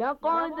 لقد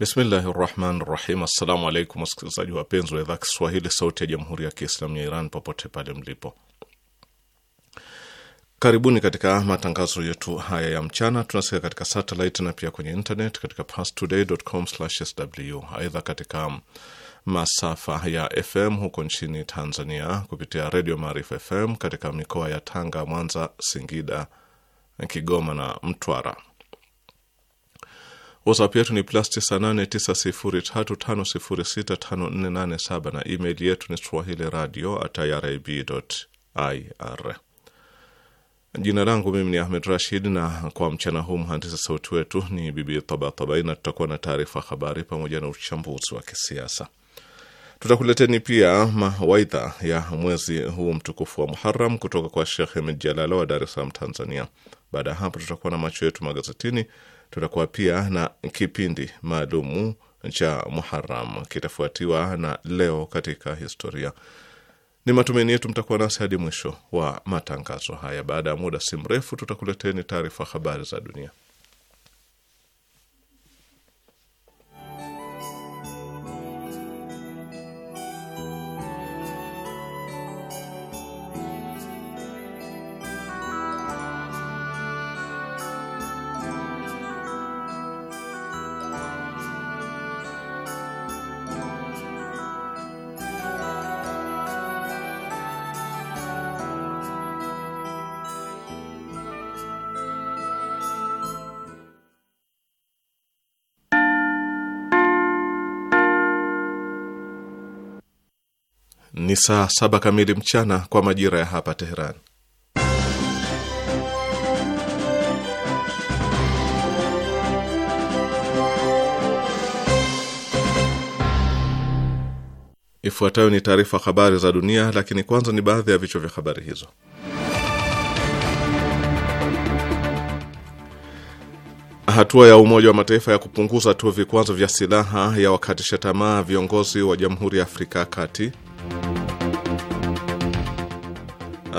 Bismillahi rahmani rahim. Assalamu alaikum wasikilizaji wapenzi wa idhaa Kiswahili sauti ya jamhuri ya Kiislamu ya Iran popote pale mlipo, karibuni katika matangazo yetu haya ya mchana. Tunasikia katika satelit na pia kwenye internet katika pastoday.com/sw. Aidha, katika masafa ya FM huko nchini Tanzania kupitia redio Maarifa FM katika mikoa ya Tanga, Mwanza, Singida, Kigoma na Mtwara WhatsApp yetu ni plus 989035065487 na email yetu ni swahili radio at irib ir. Jina langu mimi ni Ahmed Rashid, na kwa mchana huu mhandisi sauti wetu ni Bibi Tabatabai, na tutakuwa na taarifa habari pamoja na uchambuzi wa kisiasa. Tutakuleteni pia mawaidha ya mwezi huu mtukufu wa muharam kutoka kwa Shekh Hemid Jalala wa Dar es Salaam, Tanzania. Baada ya hapo, tutakuwa na macho yetu magazetini Tutakuwa pia na kipindi maalumu cha Muharam, kitafuatiwa na leo katika historia. Ni matumaini yetu mtakuwa nasi hadi mwisho wa matangazo haya. Baada ya muda si mrefu, tutakuleteni taarifa habari za dunia. saa saba kamili mchana kwa majira ya hapa Teheran. Ifuatayo ni taarifa habari za dunia, lakini kwanza ni baadhi ya vichwa vya habari hizo. Hatua ya Umoja wa Mataifa ya kupunguza tu vikwazo vya silaha ya wakatisha tamaa viongozi wa Jamhuri ya Afrika ya Kati.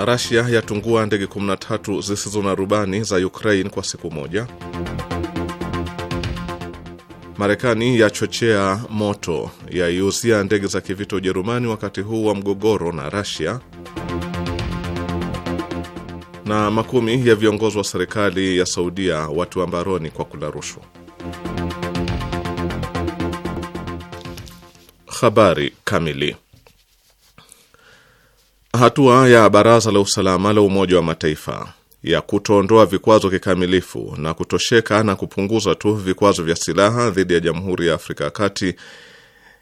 Rasia yatungua ndege 13 zisizo na rubani za Ukraine kwa siku moja. Marekani yachochea moto yaiuzia ndege za kivita Ujerumani wakati huu wa mgogoro na Rasia. Na makumi ya viongozi wa serikali ya Saudia watiwa mbaroni kwa kula rushwa. Habari kamili Hatua ya Baraza la Usalama la Umoja wa Mataifa ya kutoondoa vikwazo kikamilifu na kutosheka na kupunguza tu vikwazo vya silaha dhidi ya Jamhuri ya Afrika ya Kati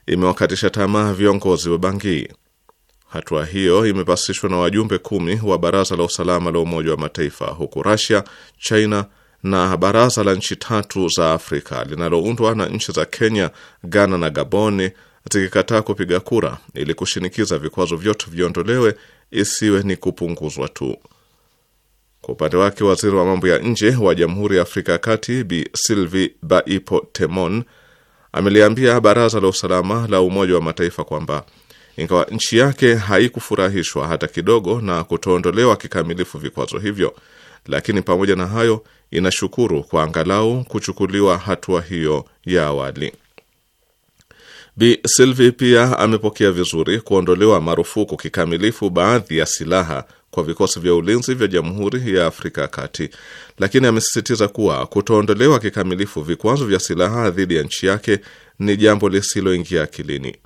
imewakatisha tamaa viongozi wa Bangui. Hatua hiyo imepasishwa na wajumbe kumi wa Baraza la Usalama la Umoja wa Mataifa, huku rasia China na baraza la nchi tatu za Afrika linaloundwa na nchi za Kenya, Ghana na Gaboni zikikataa kupiga kura ili kushinikiza vikwazo vyote viondolewe, isiwe ni kupunguzwa tu. Kwa upande wake, waziri wa mambo ya nje wa Jamhuri ya Afrika ya Kati Bi Sylvie Baipo Temon ameliambia Baraza la Usalama la Umoja wa Mataifa kwamba ingawa nchi yake haikufurahishwa hata kidogo na kutoondolewa kikamilifu vikwazo hivyo, lakini pamoja na hayo inashukuru kwa angalau kuchukuliwa hatua hiyo ya awali. Bi Silvi pia amepokea vizuri kuondolewa marufuku kikamilifu baadhi ya silaha kwa vikosi vya ulinzi vya Jamhuri ya Afrika ya Kati, lakini amesisitiza kuwa kutoondolewa kikamilifu vikwazo vya silaha dhidi ya nchi yake ni jambo lisiloingia akilini.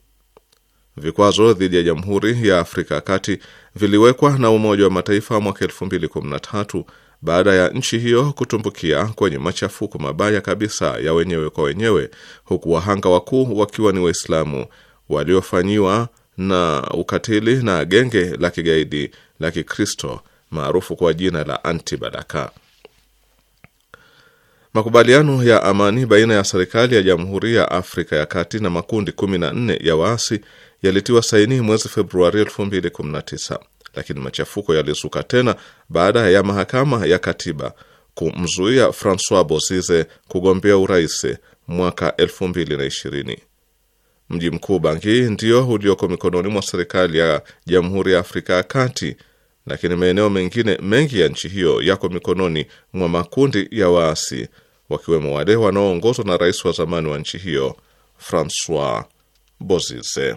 Vikwazo dhidi ya Jamhuri ya Afrika ya Kati viliwekwa na Umoja wa Mataifa mwaka 2013 baada ya nchi hiyo kutumbukia kwenye machafuko mabaya kabisa ya wenyewe kwa wenyewe, huku wahanga wakuu wakiwa ni Waislamu waliofanyiwa na ukatili na genge la kigaidi la Kikristo maarufu kwa jina la Antibalaka. Makubaliano ya amani baina ya serikali ya Jamhuri ya Afrika ya Kati na makundi 14 ya waasi yalitiwa saini mwezi Februari 2019 lakini machafuko yalizuka tena baada ya mahakama ya katiba kumzuia Francois Bozize kugombea urais mwaka 2020. Mji mkuu bangi ndio ulioko mikononi mwa serikali ya Jamhuri ya Afrika ya Kati, lakini maeneo mengine mengi ya nchi hiyo yako mikononi mwa makundi ya waasi, wakiwemo wale wanaoongozwa na rais wa zamani wa nchi hiyo Francois Bozize.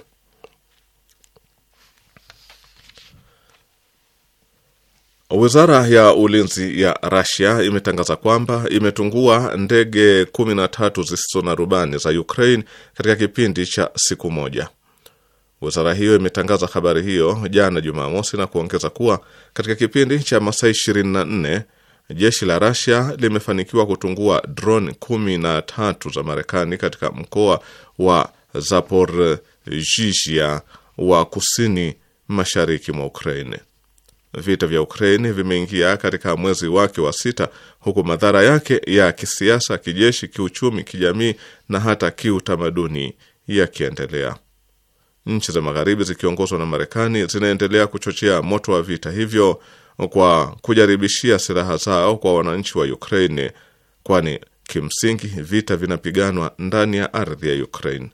Wizara ya ulinzi ya Rasia imetangaza kwamba imetungua ndege 13 zisizo na rubani za Ukraine katika kipindi cha siku moja. Wizara hiyo imetangaza habari hiyo jana Jumamosi na kuongeza kuwa katika kipindi cha masaa 24 jeshi la Rasia limefanikiwa kutungua drone 13 za Marekani katika mkoa wa Zaporizhia wa kusini mashariki mwa Ukraine. Vita vya Ukraini vimeingia katika mwezi wake wa sita, huku madhara yake ya kisiasa, kijeshi, kiuchumi, kijamii na hata kiutamaduni yakiendelea. Nchi za Magharibi zikiongozwa na Marekani zinaendelea kuchochea moto wa vita hivyo kwa kujaribishia silaha zao kwa wananchi wa Ukraini, kwani kimsingi vita vinapiganwa ndani ya ardhi ya ukrain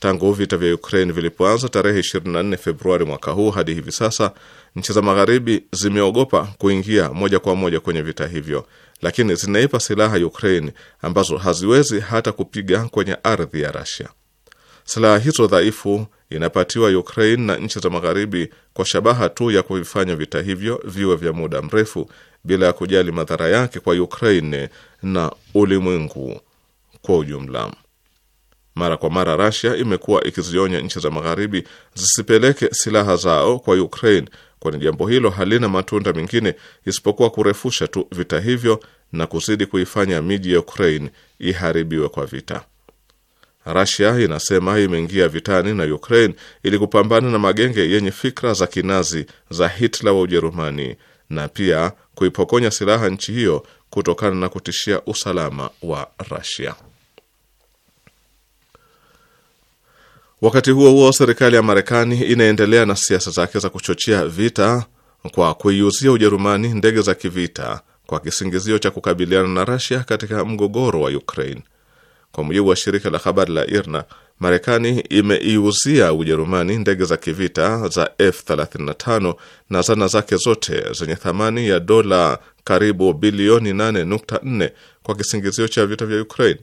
Tangu vita vya ukrain vilipoanza tarehe 24 Februari mwaka huu hadi hivi sasa Nchi za Magharibi zimeogopa kuingia moja kwa moja kwenye vita hivyo, lakini zinaipa silaha Ukraine ambazo haziwezi hata kupiga kwenye ardhi ya Russia. Silaha hizo dhaifu inapatiwa Ukraine na nchi za Magharibi kwa shabaha tu ya kuvifanya vita hivyo viwe vya muda mrefu bila ya kujali madhara yake kwa Ukraine na ulimwengu kwa ujumla. Mara kwa mara Russia imekuwa ikizionya nchi za Magharibi zisipeleke silaha zao kwa Ukraine kwani jambo hilo halina matunda mengine isipokuwa kurefusha tu vita hivyo na kuzidi kuifanya miji ya Ukraine iharibiwe kwa vita. Rasia inasema imeingia vitani na Ukraine ili kupambana na magenge yenye fikra za kinazi za Hitler wa Ujerumani na pia kuipokonya silaha nchi hiyo kutokana na kutishia usalama wa Rasia. Wakati huo huo, serikali ya Marekani inaendelea na siasa zake za kuchochea vita kwa kuiuzia Ujerumani ndege za kivita kwa kisingizio cha kukabiliana na rasia katika mgogoro wa Ukraine. Kwa mujibu wa shirika la habari la IRNA, Marekani imeiuzia Ujerumani ndege za kivita za F35 na zana zake zote zenye thamani ya dola karibu bilioni 8.4 kwa kisingizio cha vita vya Ukraine.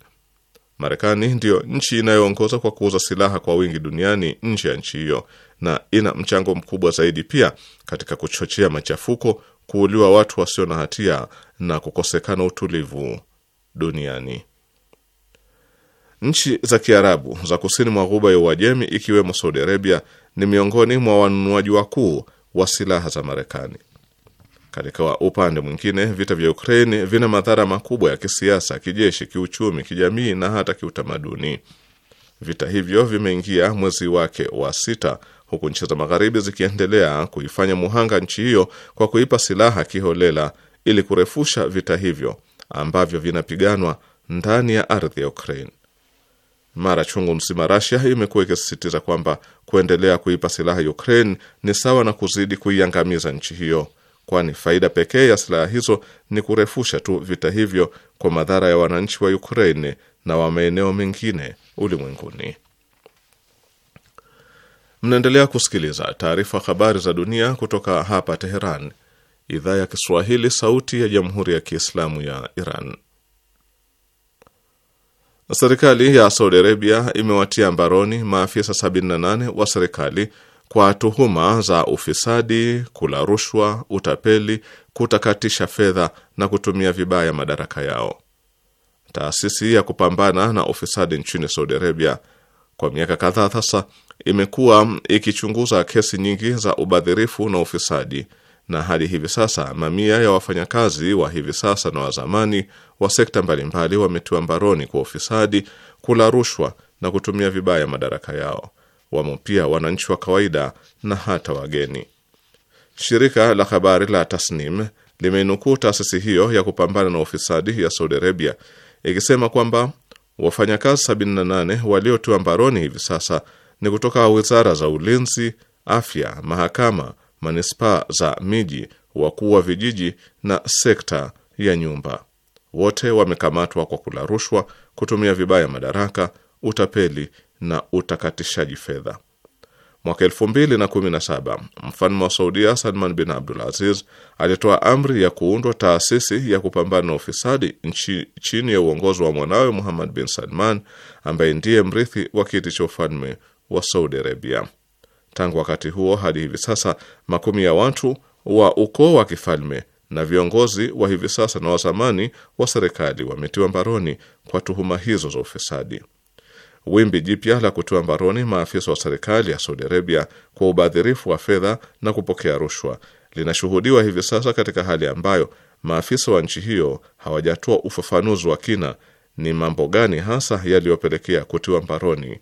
Marekani ndiyo nchi inayoongoza kwa kuuza silaha kwa wingi duniani nje ya nchi hiyo, na ina mchango mkubwa zaidi pia katika kuchochea machafuko, kuuliwa watu wasio na hatia na kukosekana utulivu duniani. Nchi za Kiarabu za kusini mwa ghuba ya Uajemi, ikiwemo Saudi Arabia, ni miongoni mwa wanunuaji wakuu wa silaha za Marekani. Katika upande mwingine, vita vya Ukraini vina madhara makubwa ya kisiasa, kijeshi, kiuchumi, kijamii na hata kiutamaduni. Vita hivyo vimeingia mwezi wake wa sita huku nchi za Magharibi zikiendelea kuifanya muhanga nchi hiyo kwa kuipa silaha kiholela ili kurefusha vita hivyo ambavyo vinapiganwa ndani ya ardhi ya Ukraine. Mara chungu mzima Russia imekuwa ikisisitiza kwamba kuendelea kuipa silaha Ukraine ni sawa na kuzidi kuiangamiza nchi hiyo kwani faida pekee ya silaha hizo ni kurefusha tu vita hivyo kwa madhara ya wananchi wa Ukraine na wa maeneo mengine ulimwenguni. Mnaendelea kusikiliza taarifa habari za dunia kutoka hapa Teheran, idhaa ya Kiswahili, sauti ya jamhuri ya kiislamu ya Iran. Serikali ya Saudi Arabia imewatia mbaroni maafisa 78 wa serikali kwa tuhuma za ufisadi, kula rushwa, utapeli, kutakatisha fedha na kutumia vibaya madaraka yao. Taasisi ya kupambana na ufisadi nchini Saudi Arabia kwa miaka kadhaa sasa imekuwa ikichunguza kesi nyingi za ubadhirifu na ufisadi, na hadi hivi sasa mamia ya wafanyakazi wa hivi sasa na wazamani wa sekta mbalimbali wametiwa mbaroni kwa ufisadi, kula rushwa na kutumia vibaya madaraka yao wamo pia wananchi wa kawaida na hata wageni. Shirika la habari la Tasnim limeinukuu taasisi hiyo ya kupambana na ufisadi ya Saudi Arabia ikisema kwamba wafanyakazi 78 waliotiwa mbaroni hivi sasa ni kutoka wizara za ulinzi, afya, mahakama, manispaa za miji, wakuu wa vijiji na sekta ya nyumba. Wote wamekamatwa kwa kula rushwa, kutumia vibaya madaraka, utapeli na utakatishaji fedha. Mwaka saba mfalme wa Saudia Salman bin Abdul Aziz alitoa amri ya kuundwa taasisi ya kupambana na ufisadi nchi, chini ya uongozi wa mwanawe Muhammad bin Salman ambaye ndiye mrithi wa kiti cha ufalme wa Saudi Arabia. Tangu wakati huo hadi hivi sasa makumi ya watu wa ukoo wa kifalme na viongozi wa hivi sasa na wazamani wa serikali wametiwa mbaroni kwa tuhuma hizo za ufisadi. Wimbi jipya la kutiwa mbaroni maafisa wa serikali ya Saudi Arabia kwa ubadhirifu wa fedha na kupokea rushwa linashuhudiwa hivi sasa katika hali ambayo maafisa wa nchi hiyo hawajatoa ufafanuzi wa kina ni mambo gani hasa yaliyopelekea kutiwa mbaroni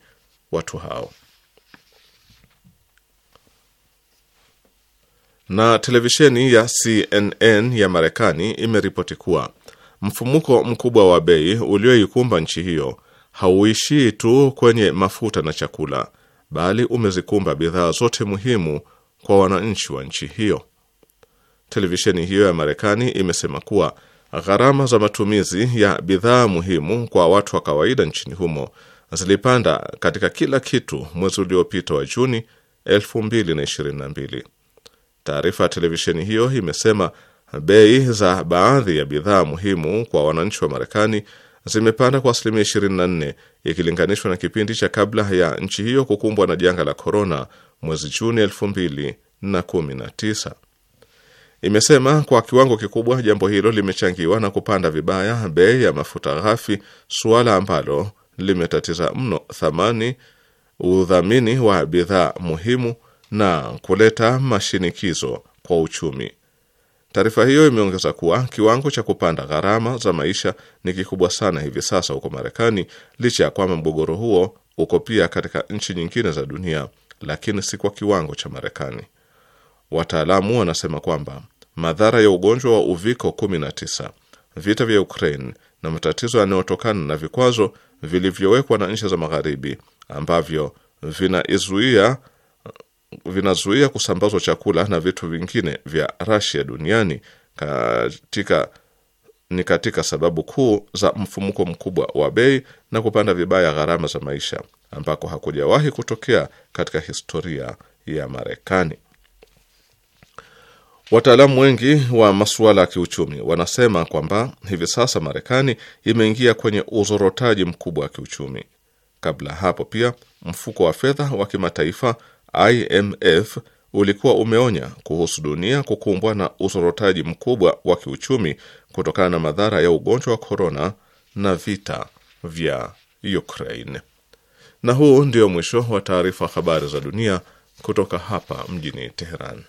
watu hao. Na televisheni ya CNN ya Marekani imeripoti kuwa mfumuko mkubwa wa bei ulioikumba nchi hiyo hauishii tu kwenye mafuta na chakula, bali umezikumba bidhaa zote muhimu kwa wananchi wa nchi hiyo. Televisheni hiyo ya Marekani imesema kuwa gharama za matumizi ya bidhaa muhimu kwa watu wa kawaida nchini humo zilipanda katika kila kitu mwezi uliopita wa Juni 2022. Taarifa ya televisheni hiyo imesema bei za baadhi ya bidhaa muhimu kwa wananchi wa Marekani zimepanda kwa asilimia 24 ikilinganishwa na kipindi cha kabla ya nchi hiyo kukumbwa na janga la korona mwezi Juni 2019. Imesema kwa kiwango kikubwa jambo hilo limechangiwa na kupanda vibaya bei ya mafuta ghafi, suala ambalo limetatiza mno thamani udhamini wa bidhaa muhimu na kuleta mashinikizo kwa uchumi Taarifa hiyo imeongeza kuwa kiwango cha kupanda gharama za maisha ni kikubwa sana hivi sasa huko Marekani, licha ya kwamba mgogoro huo uko pia katika nchi nyingine za dunia, lakini si kwa kiwango cha Marekani. Wataalamu wanasema kwamba madhara ya ugonjwa wa uviko 19, vita vya Ukraine na matatizo yanayotokana na vikwazo vilivyowekwa na nchi za Magharibi ambavyo vinaizuia vinazuia kusambazwa chakula na vitu vingine vya Rasia duniani katika ni katika sababu kuu za mfumuko mkubwa wa bei na kupanda vibaya gharama za maisha ambako hakujawahi kutokea katika historia ya Marekani. Wataalamu wengi wa masuala ya kiuchumi wanasema kwamba hivi sasa Marekani imeingia kwenye uzorotaji mkubwa wa kiuchumi. Kabla hapo pia, mfuko wa fedha wa kimataifa IMF ulikuwa umeonya kuhusu dunia kukumbwa na usorotaji mkubwa wa kiuchumi kutokana na madhara ya ugonjwa wa korona na vita vya Ukraine. Na huu ndio mwisho wa taarifa habari za dunia kutoka hapa mjini Teheran.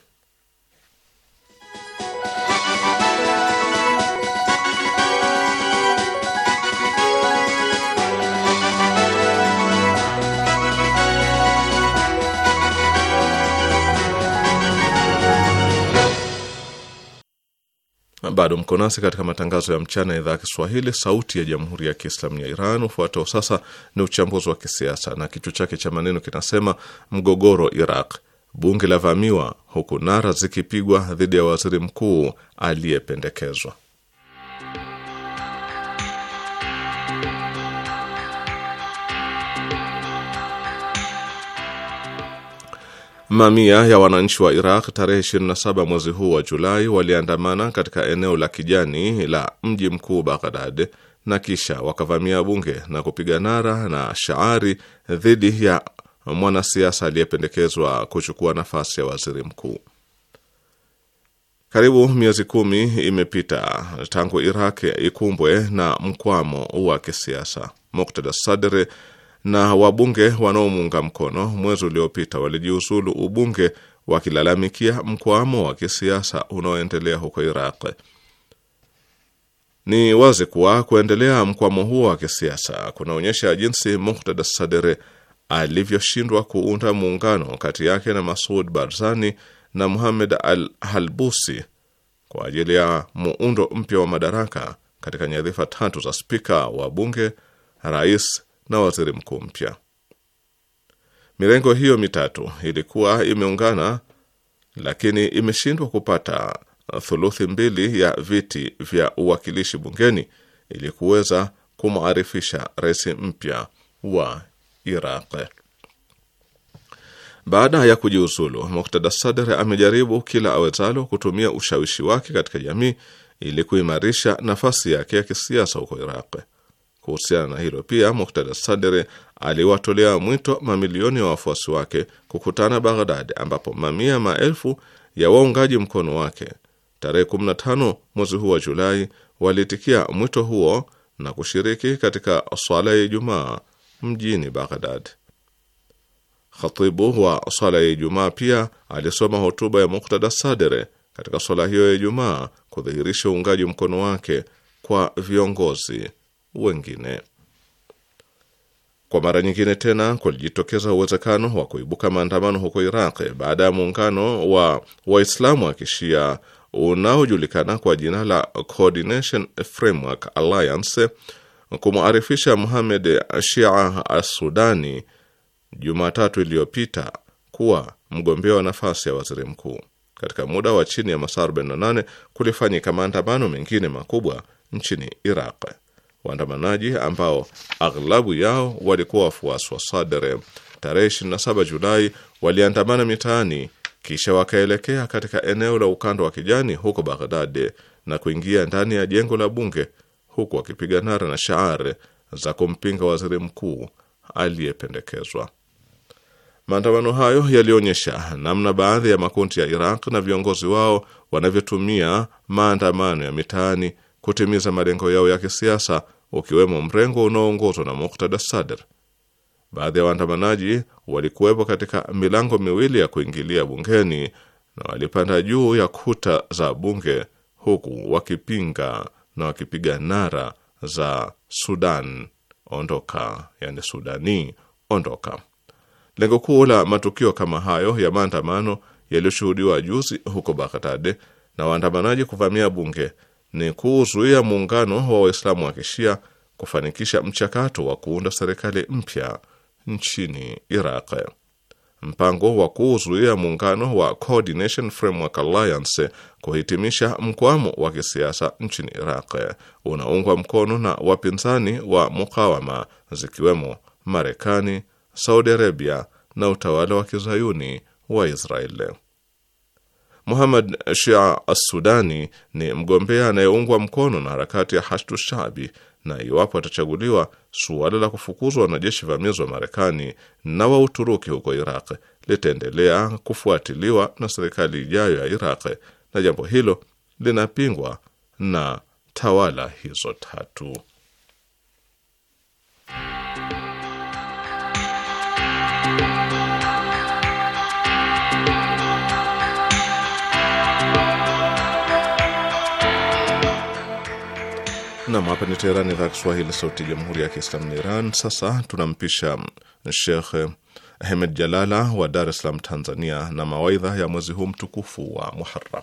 Bado mko nasi katika matangazo ya mchana ya idhaa ya Kiswahili, sauti ya jamhuri ya kiislamu ya Iran. Ufuatao sasa ni uchambuzi wa kisiasa na kichwa chake cha maneno kinasema: mgogoro Iraq, bunge la vamiwa huku nara zikipigwa dhidi ya waziri mkuu aliyependekezwa. Mamia ya wananchi wa Iraq tarehe 27 mwezi huu wa Julai waliandamana katika eneo la kijani la mji mkuu Baghdad na kisha wakavamia bunge na kupiga nara na shaari dhidi ya mwanasiasa aliyependekezwa kuchukua nafasi ya waziri mkuu. Karibu miezi kumi imepita tangu Iraq ikumbwe na mkwamo wa kisiasa. Muktada Sadri na wabunge wanaomuunga mkono mwezi uliopita walijiuzulu ubunge wakilalamikia mkwamo wa kisiasa unaoendelea huko Iraq. Ni wazi kuwa kuendelea mkwamo huo wa kisiasa kunaonyesha jinsi Muqtada Sadere alivyoshindwa kuunda muungano kati yake na Masud Barzani na Muhamed Al Halbusi kwa ajili ya muundo mpya wa madaraka katika nyadhifa tatu za spika wa bunge, rais na waziri mkuu mpya. Mirengo hiyo mitatu ilikuwa imeungana, lakini imeshindwa kupata thuluthi mbili ya viti vya uwakilishi bungeni ili kuweza kumwarifisha rais mpya wa Iraq. Baada ya kujiuzulu, Muktada Sadr amejaribu kila awezalo kutumia ushawishi wake katika jamii ili kuimarisha nafasi yake ya kisiasa huko Iraq. Kuhusiana na hilo pia, Muktada Sadri aliwatolea mwito mamilioni ya wafuasi wake kukutana Baghdad, ambapo mamia maelfu ya waungaji mkono wake tarehe 15 mwezi huu wa Julai waliitikia mwito huo na kushiriki katika swala ya Ijumaa mjini Baghdad. Khatibu wa swala ya Ijumaa pia alisoma hotuba ya Muktada Sadere katika swala hiyo ya Ijumaa kudhihirisha uungaji mkono wake kwa viongozi wengine. Kwa mara nyingine tena kulijitokeza uwezekano wa kuibuka maandamano huko Iraq baada ya muungano wa Waislamu wa Kishia unaojulikana kwa jina la Coordination Framework Alliance kumwarifisha muhamed Shia assudani Jumatatu iliyopita kuwa mgombea wa nafasi ya waziri mkuu. Katika muda wa chini ya masaa 48 kulifanyika maandamano mengine makubwa nchini Iraq waandamanaji ambao aghlabu yao walikuwa wafuasi wa Sadre tarehe 27 Julai waliandamana mitaani kisha wakaelekea katika eneo la ukanda wa kijani huko Baghdad na kuingia ndani ya jengo la bunge huku wakipiga nara na shaar za kumpinga waziri mkuu aliyependekezwa. Maandamano hayo yalionyesha namna baadhi ya makundi ya Iraq na viongozi wao wanavyotumia maandamano ya mitaani kutimiza malengo yao ya kisiasa ukiwemo mrengo unaoongozwa na Muktada Sadr. Baadhi ya waandamanaji walikuwepo katika milango miwili ya kuingilia bungeni na walipanda juu ya kuta za bunge huku wakipinga na wakipiga nara za Sudan ondoka, yani Sudani ondoka. Lengo kuu la matukio kama hayo ya maandamano yaliyoshuhudiwa juzi huko Baghdad na waandamanaji kuvamia bunge ni kuzuia muungano wa Waislamu wa Kishia kufanikisha mchakato wa kuunda serikali mpya nchini Iraq. Mpango wa kuzuia muungano wa Coordination Framework Alliance kuhitimisha mkwamo wa kisiasa nchini Iraq unaungwa mkono na wapinzani wa mukawama zikiwemo Marekani, Saudi Arabia na utawala wa kizayuni wa Israeli. Muhammad Shia Assudani ni mgombea anayeungwa mkono na harakati ya Hashdu Shabi, na iwapo atachaguliwa, suala la kufukuzwa wanajeshi vamizi wa Marekani na wa Uturuki huko Iraq litaendelea kufuatiliwa na serikali ijayo ya Iraq, na jambo hilo linapingwa na tawala hizo tatu. Nam, hapa ni Teherani, idhaa Kiswahili, sauti ya jamhuri ya kiislamu ni Iran. Sasa tunampisha Shekh Ahmed Jalala wa Dar es Salaam, Tanzania, na mawaidha ya mwezi huu mtukufu wa muharam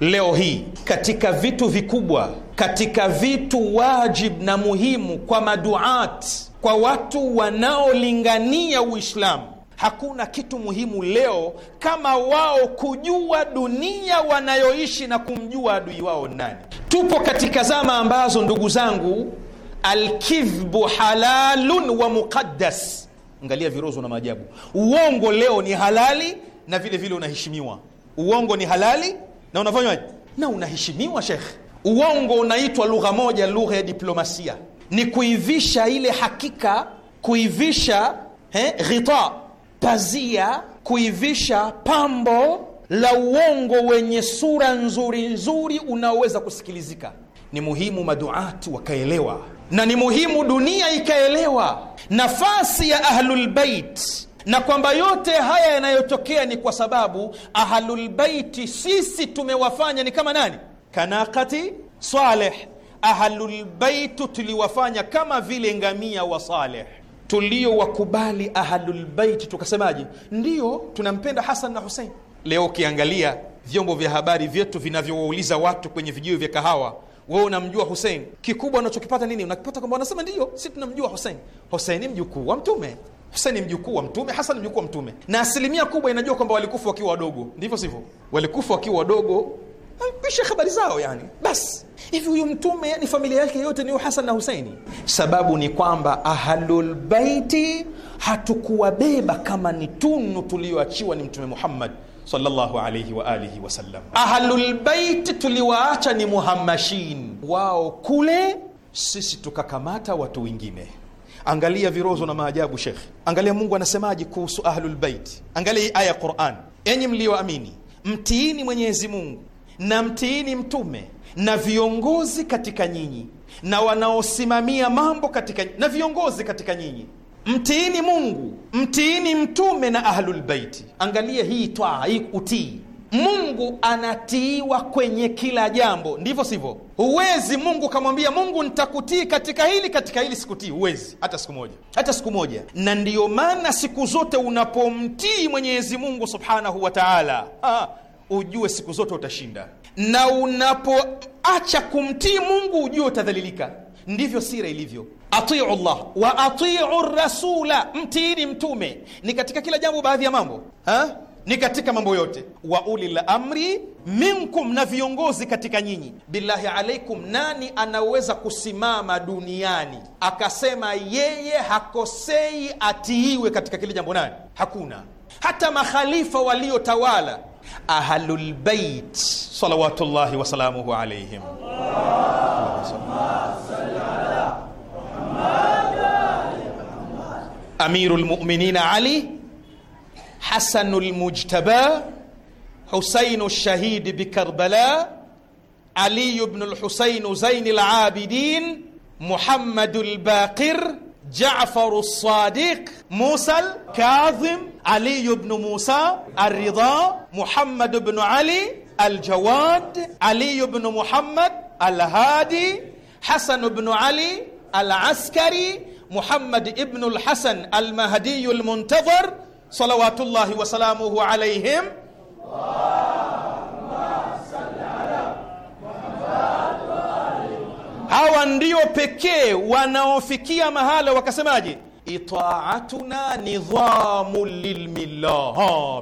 leo hii katika vitu vikubwa, katika vitu wajib na muhimu kwa maduat, kwa watu wanaolingania Uislamu, hakuna kitu muhimu leo kama wao kujua dunia wanayoishi na kumjua adui wao nani. Tupo katika zama ambazo, ndugu zangu, alkidhbu halalun wa muqaddas. Angalia virozo na maajabu. Uongo leo ni halali na vile vile unaheshimiwa. Uongo ni halali na unafanywaje na unaheshimiwa shekh Uongo unaitwa lugha moja, lugha ya diplomasia, ni kuivisha ile hakika, kuivisha he, ghita, pazia, kuivisha pambo la uongo wenye sura nzuri nzuri unaoweza kusikilizika. Ni muhimu maduati wakaelewa, na ni muhimu dunia ikaelewa nafasi ya Ahlulbeit na kwamba yote haya yanayotokea ni kwa sababu ahlulbaiti sisi tumewafanya ni kama nani? Kanakati Saleh. Ahlulbaitu tuliwafanya kama vile ngamia wa Saleh tuliowakubali ahlulbaiti, tukasemaje? Ndiyo, tunampenda Hasan na Husein. Leo ukiangalia vyombo vya habari vyetu vinavyowauliza watu kwenye vijio vya kahawa, wewe unamjua Husein? Kikubwa unachokipata nini? Unakipata kwamba wanasema ndio si tunamjua Husein. Husein ni mjukuu wa Mtume. Husaini mjukuu wa Mtume, Hasan mjukuu wa Mtume, na asilimia kubwa inajua kwamba walikufa wakiwa wadogo, ndivyo sivyo? Walikufa wakiwa wadogo, kisha habari zao yani. Basi hivi huyu Mtume, ni familia yake yote ni Hasan na huseini Sababu ni kwamba ahlulbaiti hatukuwabeba kama ni tunu tuliyoachiwa ni Mtume Muhammad sallallahu alayhi wa alihi wasallam. Ahlulbaiti tuliwaacha ni muhammashin wao kule, sisi tukakamata watu wengine Angalia virozo na maajabu, Shekh. Angalia Mungu anasemaje kuhusu ahlul bait. Angalia hii aya ya Qur'an: enyi mlioamini, mtiini Mwenyezi Mungu na mtiini mtume na viongozi katika nyinyi na wanaosimamia mambo katika na viongozi katika nyinyi. Mtiini Mungu, mtiini mtume na ahlul Angalia hii twaa, hii utii Mungu anatiiwa kwenye kila jambo, ndivyo sivyo? Huwezi Mungu ukamwambia Mungu, nitakutii katika hili, katika hili sikutii. Huwezi hata siku moja, hata siku moja. Na ndiyo maana siku zote unapomtii Mwenyezi Mungu subhanahu wa taala, ujue siku zote utashinda, na unapoacha kumtii Mungu ujue utadhalilika. Ndivyo sira ilivyo. Atiu llah wa atiu rasula, mtiini mtume ni katika kila jambo, baadhi ya mambo ha? ni katika mambo yote. Wa ulil amri minkum, na viongozi katika nyinyi. Billahi alaikum, nani anaweza kusimama duniani akasema yeye hakosei atiiwe katika kile jambo? Nani? Hakuna. Hata makhalifa waliotawala ahlulbeit salawatullahi wasalamuhu alaihim Amirul Ali حسن المجتبى حسين الشهيد بكربلاء علي بن الحسين زين العابدين محمد الباقر جعفر الصادق موسى الكاظم علي بن موسى الرضا محمد بن علي الجواد علي بن محمد الهادي حسن بن علي العسكري محمد ابن الحسن المهدي المنتظر salawatullahi wasalamuhu alaihim hawa ndio pekee wanaofikia mahala wakasemaje, itaatuna nidhamu lilmillah,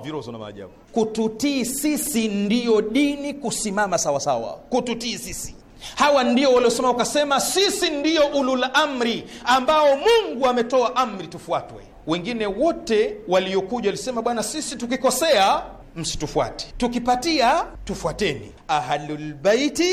virozo na maajabu. Kututii sisi ndiyo dini kusimama sawasawa sawa. Kututii sisi hawa ndio waliosema wakasema, sisi ndiyo ulul amri ambao Mungu ametoa amri tufuatwe. Wengine wote waliokuja walisema, bwana, sisi tukikosea msitufuate, tukipatia tufuateni. Ahlulbaiti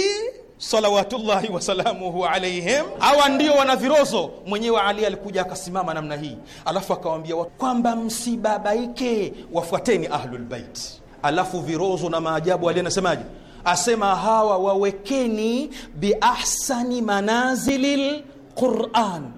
salawatullahi wasalamuhu alaihim, hawa ndio wana virozo. Mwenyewe wa Ali alikuja akasimama namna hii, alafu watu kwamba msibabaike, wafuateni ahlulbaiti. Alafu virozo na maajabu Ali anasemaje? Asema hawa wawekeni biahsani manazili lquran.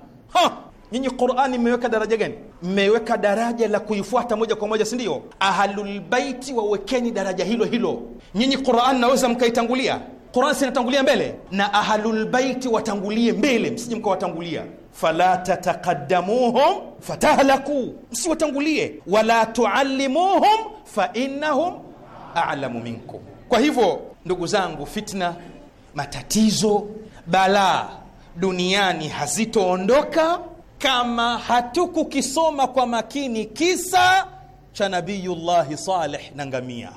Nyinyi Qurani mmeweka daraja gani? mmeweka daraja la kuifuata moja kwa moja, si ndio? Ahlulbaiti wawekeni daraja hilo hilo. Nyinyi Qur'an naweza mkaitangulia Qur'an, sinatangulia mbele na ahlulbaiti watangulie mbele, msije mkawatangulia fala tataqaddamuhum fatahlaku, msiwatangulie. Wala tuallimuhum fainahum a'lamu minkum. Kwa hivyo ndugu zangu, fitna, matatizo, balaa duniani hazitoondoka kama hatukukisoma kwa makini kisa cha Nabiyullahi Saleh na ngamia.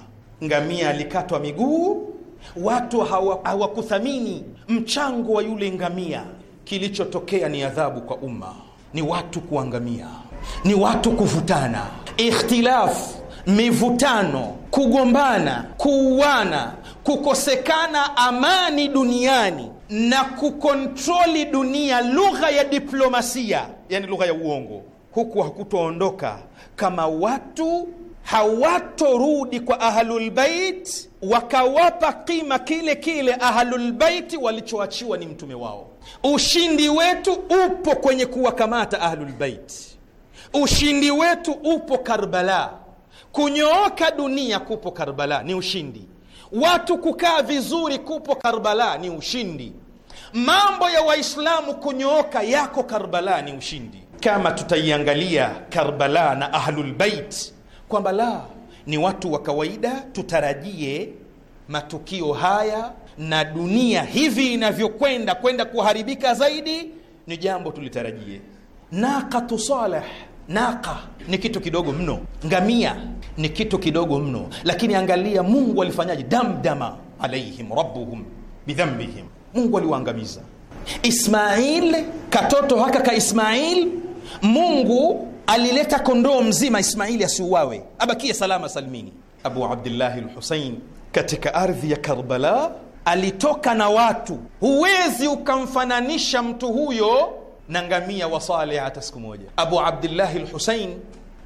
Ngamia alikatwa miguu, watu hawakuthamini hawa mchango wa yule ngamia. Kilichotokea ni adhabu kwa umma, ni watu kuangamia, ni watu kuvutana, ikhtilafu, mivutano, kugombana, kuuana, kukosekana amani duniani na kukontroli dunia, lugha ya diplomasia yani lugha ya uongo, huku hakutoondoka kama watu hawatorudi kwa Ahlulbeit wakawapa kima kile kile Ahlulbeiti walichoachiwa ni mtume wao. Ushindi wetu upo kwenye kuwakamata Ahlulbeiti. Ushindi wetu upo Karbala. Kunyooka dunia kupo Karbala, ni ushindi. Watu kukaa vizuri kupo Karbala, ni ushindi. Mambo ya Waislamu kunyooka yako Karbala ni ushindi. Kama tutaiangalia Karbala na Ahlulbeit kwamba la ni watu wa kawaida, tutarajie matukio haya na dunia hivi inavyokwenda kwenda kuharibika zaidi, ni jambo tulitarajie. Naqatu Saleh, naqa ni kitu kidogo mno, ngamia ni kitu kidogo mno, lakini angalia Mungu alifanyaje, damdama alaihim rabbuhum bidhambihim Mungu aliwaangamiza. Ismail katoto haka ka Ismail, Mungu alileta kondoo mzima Ismaili asiuawe, abakie salama salmini. Abu Abdillahi Lhusein katika ardhi ya Karbala alitoka na watu, huwezi ukamfananisha mtu huyo na ngamia wa Saleh hata siku moja. Abu Abdillahi Lhusein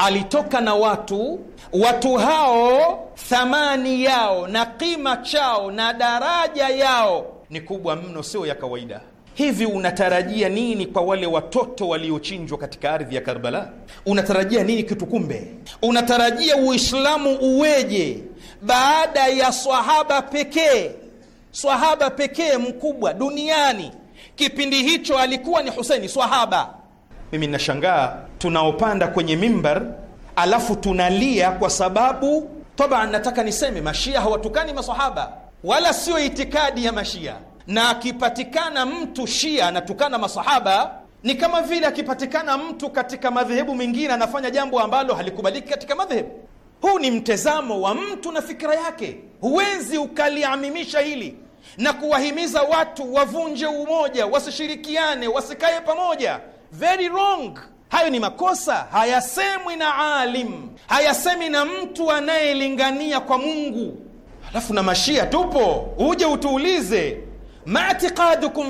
alitoka na watu, watu hao thamani yao na kima chao na daraja yao ni kubwa mno, sio ya kawaida. Hivi unatarajia nini kwa wale watoto waliochinjwa katika ardhi ya Karbala? Unatarajia nini kitu? Kumbe unatarajia Uislamu uweje baada ya swahaba pekee, swahaba pekee mkubwa duniani kipindi hicho alikuwa ni huseni swahaba. Mimi ninashangaa tunaopanda kwenye mimbar alafu tunalia kwa sababu taban, nataka niseme mashia hawatukani masahaba, wala sio itikadi ya mashia. Na akipatikana mtu shia anatukana masahaba, ni kama vile akipatikana mtu katika madhehebu mengine anafanya jambo ambalo halikubaliki katika madhehebu. Huu ni mtazamo wa mtu na fikira yake, huwezi ukaliamimisha hili na kuwahimiza watu wavunje umoja, wasishirikiane, wasikaye pamoja. Very wrong. Hayo ni makosa, hayasemwi na alim, hayasemi na mtu anayelingania kwa Mungu. Halafu na Mashia tupo, uje utuulize ma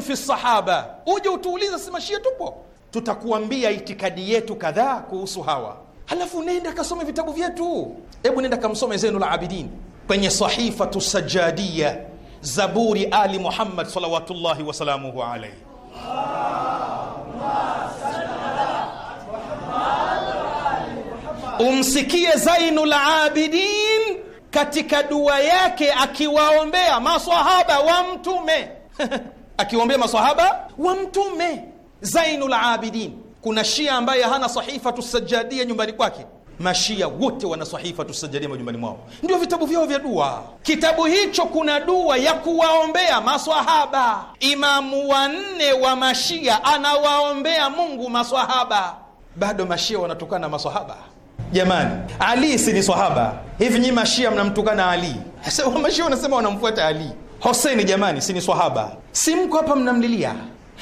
fi sahaba, uje utuulize, si Mashia tupo, tutakuambia itikadi yetu kadhaa kuhusu hawa. Halafu nenda kasome vitabu vyetu, hebu nenda kamsome Zainul Abidin kwenye Sahifatu Sajadiya, Zaburi Ali Muhammad salawatullahi wasalamuhu alaihi umsikie Zainul Abidin katika dua yake akiwaombea maswahaba wa Mtume akiwaombea maswahaba wa Mtume Zainul Abidin. Kuna shia ambaye hana sahifa tusajadia nyumbani kwake. Mashia wote wana sahifa tusajadia majumbani mwao, ndio vitabu vyao vya dua. Kitabu hicho kuna dua ya kuwaombea maswahaba. Imamu wanne wa mashia anawaombea Mungu maswahaba. Bado mashia wanatokana na maswahaba. Jamani, Ali si ni swahaba? Hivi nyi mashia mnamtukana Ali? Mashia wanasema wanamfuata Ali. Hoseni jamani, si ni swahaba? Si mko hapa mnamlilia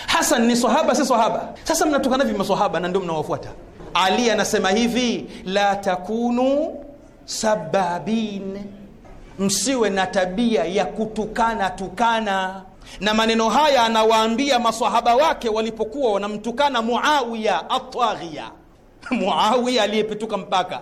Hasan ni swahaba, si swahaba? Sasa mnatukana vi maswahaba na ndio mnawafuata. Ali anasema hivi, la takunu sababin, msiwe na tabia ya kutukana tukana. Na maneno haya anawaambia maswahaba wake walipokuwa wanamtukana Muawiya atwaghia. Muawiya aliyepituka mpaka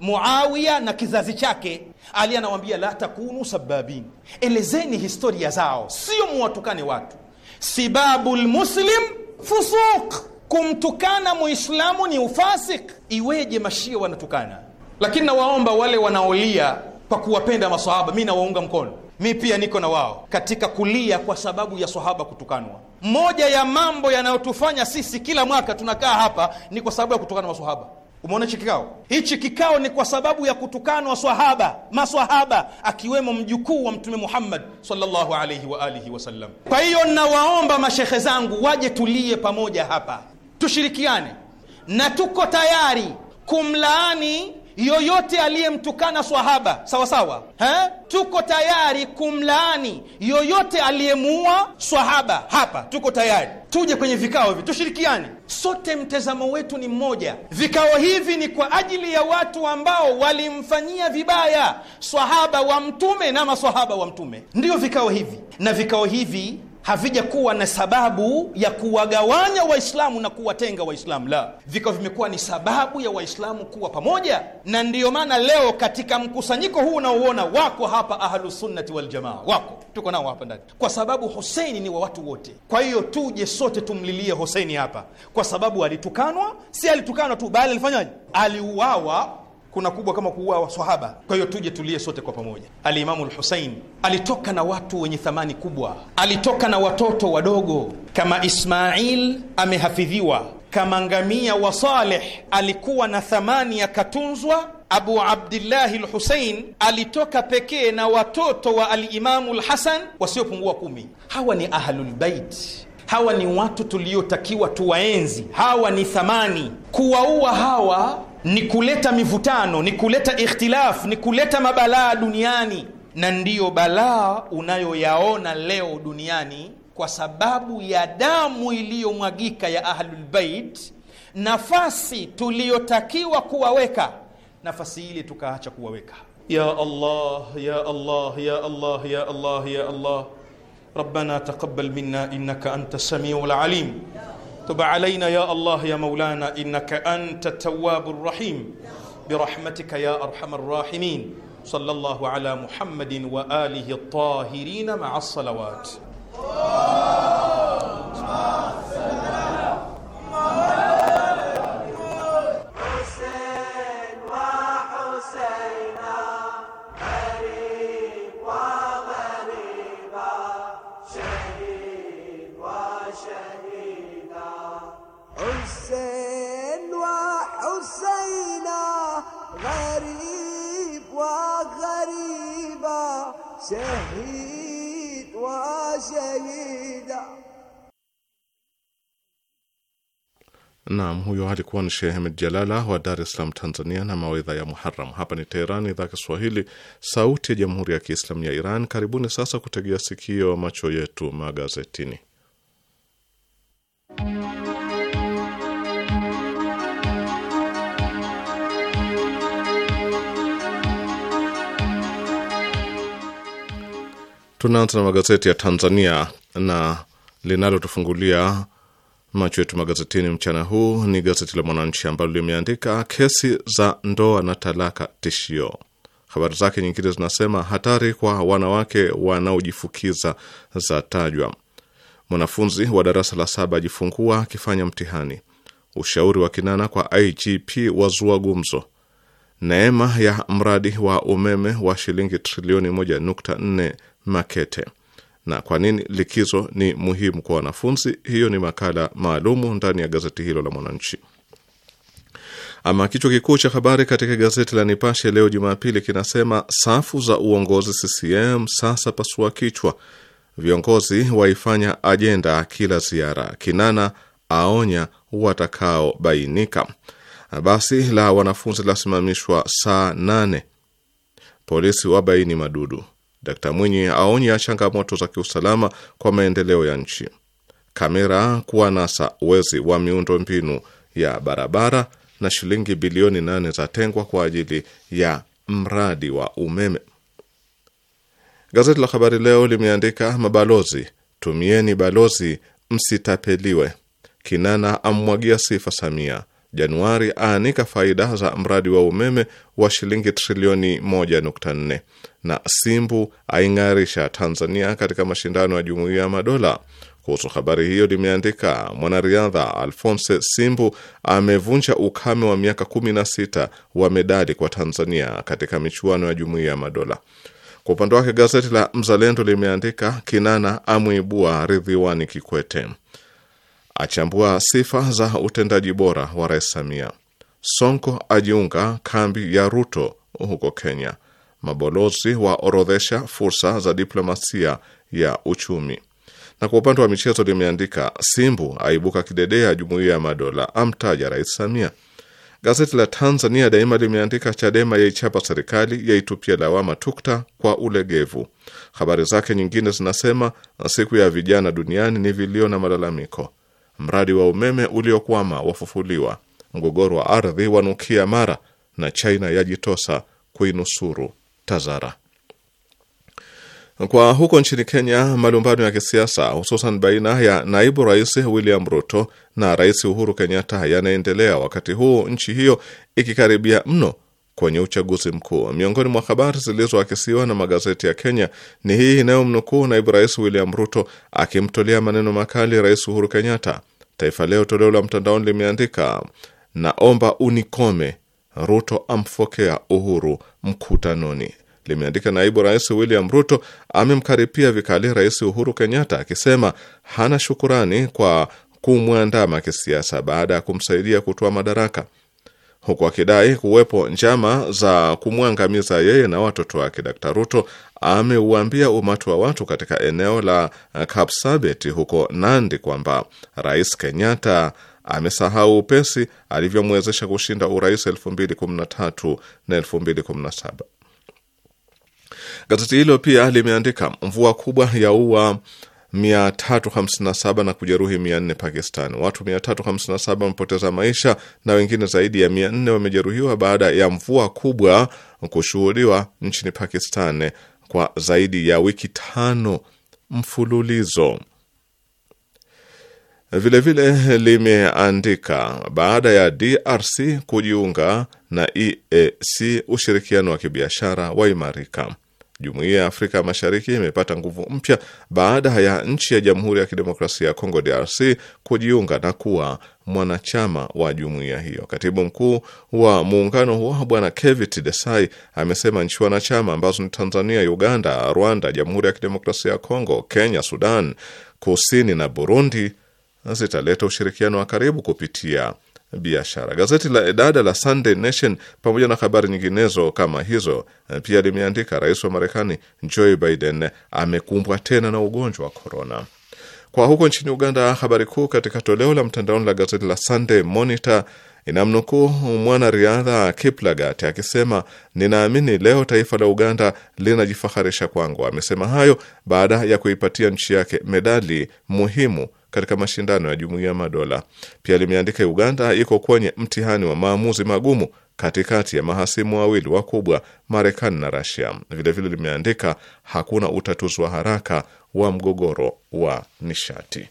Muawiya na kizazi chake Ali anawambia la takunu sababin, elezeni historia zao, sio muwatukane watu. Sibabu lmuslim fusuq, kumtukana muislamu ni ufasik. Iweje mashia wanatukana? Lakini nawaomba wale wanaolia kwa kuwapenda masahaba, mi nawaunga mkono mi pia niko na wao katika kulia kwa sababu ya sahaba kutukanwa. Moja ya mambo yanayotufanya sisi kila mwaka tunakaa hapa ni kwa sababu ya kutukana maswahaba. Umeona hichi kikao, hichi kikao ni kwa sababu ya kutukanwa swahaba, maswahaba akiwemo mjukuu wa Mtume Muhammad sallallahu alaihi wa alihi wasallam. Kwa hiyo nawaomba mashehe zangu waje tulie pamoja hapa, tushirikiane na tuko tayari kumlaani yoyote aliyemtukana swahaba sawasawa, ha? Tuko tayari kumlaani yoyote aliyemuua swahaba hapa, tuko tayari tuje kwenye vikao hivi tushirikiane sote, mtazamo wetu ni mmoja. Vikao hivi ni kwa ajili ya watu ambao walimfanyia vibaya swahaba wa Mtume na maswahaba wa Mtume, ndio vikao hivi na vikao hivi havijakuwa na sababu ya kuwagawanya Waislamu na kuwatenga Waislamu, la, viko vimekuwa ni sababu ya Waislamu kuwa pamoja. Na ndiyo maana leo katika mkusanyiko huu unaouona wako hapa Ahlusunnati Waljamaa, wako tuko nao hapa ndani, kwa sababu Hoseini ni wa watu wote. Kwa hiyo tuje sote tumlilie Hoseini hapa, kwa sababu alitukanwa, si alitukanwa tu, bali alifanyaje? Aliuawa kuna kubwa kama kuua waswahaba. Kwa hiyo tuje tulie sote kwa pamoja. Alimamu Lhusein alitoka na watu wenye thamani kubwa, alitoka na watoto wadogo kama Ismail amehafidhiwa, kama ngamia wa Saleh alikuwa na thamani akatunzwa Abu Abdillahi Lhusein alitoka pekee na watoto wa Alimamu Lhasan wasiopungua kumi. Hawa ni Ahlulbaiti. Hawa ni watu tuliotakiwa tuwaenzi. Hawa ni thamani. Kuwaua hawa ni kuleta mivutano, ni kuleta ikhtilafu, ni kuleta mabalaa duniani, na ndiyo balaa unayoyaona leo duniani kwa sababu ya damu iliyomwagika ya Ahlulbeit, nafasi tuliyotakiwa kuwaweka, nafasi ile tukaacha kuwaweka. Ya Allah ya Allah ya Allah ya Allah ya Allah, rabbana taqabbal minna innaka anta samiul lalim تب علينا يا الله يا مولانا إنك أنت التواب الرحيم برحمتك يا أرحم الراحمين صلى الله على محمد وآله الطاهرين مع الصلوات مع السلامة شهيد وشهيدا. Naam, huyo alikuwa ni Shehe Ahmed Jalala wa Dar es Salaam, Tanzania, na mawaidha ya Muharram. Hapa ni Teheran, idhaa Kiswahili, sauti ya jamhuri ya kiislamu ya Iran. Karibuni sasa kutegea sikio macho yetu magazetini Tunaanza na magazeti ya Tanzania na linalotufungulia macho yetu magazetini mchana huu ni gazeti la Mwananchi ambalo limeandika kesi za ndoa na talaka tishio. Habari zake nyingine zinasema hatari kwa wanawake wanaojifukiza za tajwa. Mwanafunzi wa darasa la saba ajifungua akifanya mtihani. Ushauri wa Kinana kwa IGP wazua gumzo. Neema ya mradi wa umeme wa shilingi trilioni 1.4 Makete. Na kwa nini likizo ni muhimu kwa wanafunzi? Hiyo ni makala maalumu ndani ya gazeti hilo la Mwananchi. Ama kichwa kikuu cha habari katika gazeti la Nipashe leo Jumapili kinasema safu za uongozi CCM sasa pasua kichwa, viongozi waifanya ajenda kila ziara, Kinana aonya watakaobainika, basi la wanafunzi lasimamishwa saa nane, polisi wabaini madudu Dkt Mwinyi aonya changamoto za kiusalama kwa maendeleo ya nchi. Kamera kuwa nasa uwezi wa miundo mbinu ya barabara, na shilingi bilioni nane za tengwa kwa ajili ya mradi wa umeme. Gazeti la Habari Leo limeandika mabalozi, tumieni balozi msitapeliwe. Kinana amwagia sifa Samia. Januari aanika faida za mradi wa umeme wa shilingi trilioni 1.4 na Simbu aing'arisha Tanzania katika mashindano ya Jumuiya ya Madola. Kuhusu habari hiyo limeandika mwanariadha Alphonse Simbu amevunja ukame wa miaka 16 wa medali kwa Tanzania katika michuano ya Jumuiya ya Madola. Kwa upande wake gazeti la Mzalendo limeandika Kinana amwibua Ridhiwani Kikwete achambua sifa za utendaji bora wa Rais Samia. Sonko ajiunga kambi ya Ruto huko Kenya. Mabalozi waorodhesha fursa za diplomasia ya uchumi. Na kwa upande wa michezo limeandika Simbu aibuka kidedea Jumuiya ya Madola, amtaja Rais Samia. Gazeti la Tanzania Daima limeandika Chadema yaichapa serikali, yaitupia lawama Tukta kwa ulegevu. Habari zake nyingine zinasema siku ya vijana duniani ni vilio na malalamiko mradi wa umeme uliokwama wafufuliwa, mgogoro wa ardhi wanukia mara, na China yajitosa kuinusuru Tazara. Kwa huko nchini Kenya, malumbano ya kisiasa hususan baina ya naibu rais William Ruto na rais Uhuru Kenyatta yanaendelea wakati huu nchi hiyo ikikaribia mno kwenye uchaguzi mkuu. Miongoni mwa habari zilizoakisiwa na magazeti ya Kenya ni hii inayomnukuu naibu rais William Ruto akimtolea maneno makali rais Uhuru Kenyatta. Taifa Leo toleo la mtandaoni limeandika naomba unikome, Ruto amfokea Uhuru mkutanoni. Limeandika naibu rais William Ruto amemkaripia vikali rais Uhuru Kenyatta akisema hana shukurani kwa kumwandama kisiasa baada ya kumsaidia kutoa madaraka huku akidai kuwepo njama za kumwangamiza yeye na watoto wake. Dkt Ruto ameuambia umati wa watu katika eneo la Kapsabet huko Nandi kwamba Rais Kenyatta amesahau upesi alivyomwezesha kushinda urais 2013 na 2017. Gazeti hilo pia limeandika mvua kubwa ya ua 357 na kujeruhi 400 Pakistan. Watu 357 wamepoteza maisha na wengine zaidi ya 400 wamejeruhiwa baada ya mvua kubwa kushuhudiwa nchini Pakistan kwa zaidi ya wiki tano mfululizo. Vilevile vile limeandika baada ya DRC kujiunga na EAC ushirikiano wa kibiashara waimarika. Jumuiya ya Afrika Mashariki imepata nguvu mpya baada ya nchi ya Jamhuri ya Kidemokrasia ya Kongo DRC kujiunga na kuwa mwanachama wa jumuiya hiyo. Katibu mkuu wa muungano huo Bwana Kevit Desai amesema nchi wanachama ambazo ni Tanzania, Uganda, Rwanda, Jamhuri ya Kidemokrasia ya Kongo, Kenya, Sudan Kusini na Burundi zitaleta ushirikiano wa karibu kupitia biashara. Gazeti la dada la Sunday Nation pamoja na habari nyinginezo kama hizo eh, pia limeandika rais wa Marekani Joe Biden amekumbwa tena na ugonjwa wa korona. Kwa huko nchini Uganda, habari kuu katika toleo la mtandaoni la gazeti la Sunday Monitor inamnukuu mwanariadha Kiplagat akisema ninaamini leo taifa la Uganda linajifaharisha kwangu. Amesema hayo baada ya kuipatia nchi yake medali muhimu katika mashindano ya Jumuiya ya Madola. Pia limeandika Uganda iko kwenye mtihani wa maamuzi magumu katikati ya mahasimu wawili wakubwa, Marekani na Rasia. Vilevile limeandika hakuna utatuzi wa haraka wa mgogoro wa nishati.